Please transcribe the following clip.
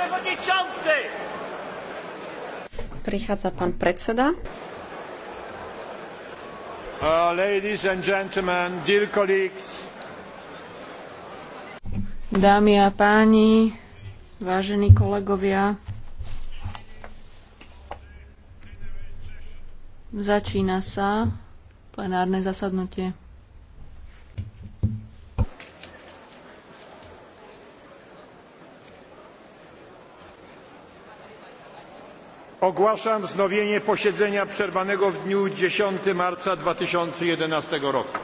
przewodniczący! Prichádza pán predseda. Uh, ladies and gentlemen, dear colleagues. Dámy a páni, vážení kolegovia, začína sa plenárne zasadnutie. Ogłaszam wznowienie posiedzenia przerwanego w dniu 10 marca 2011 roku.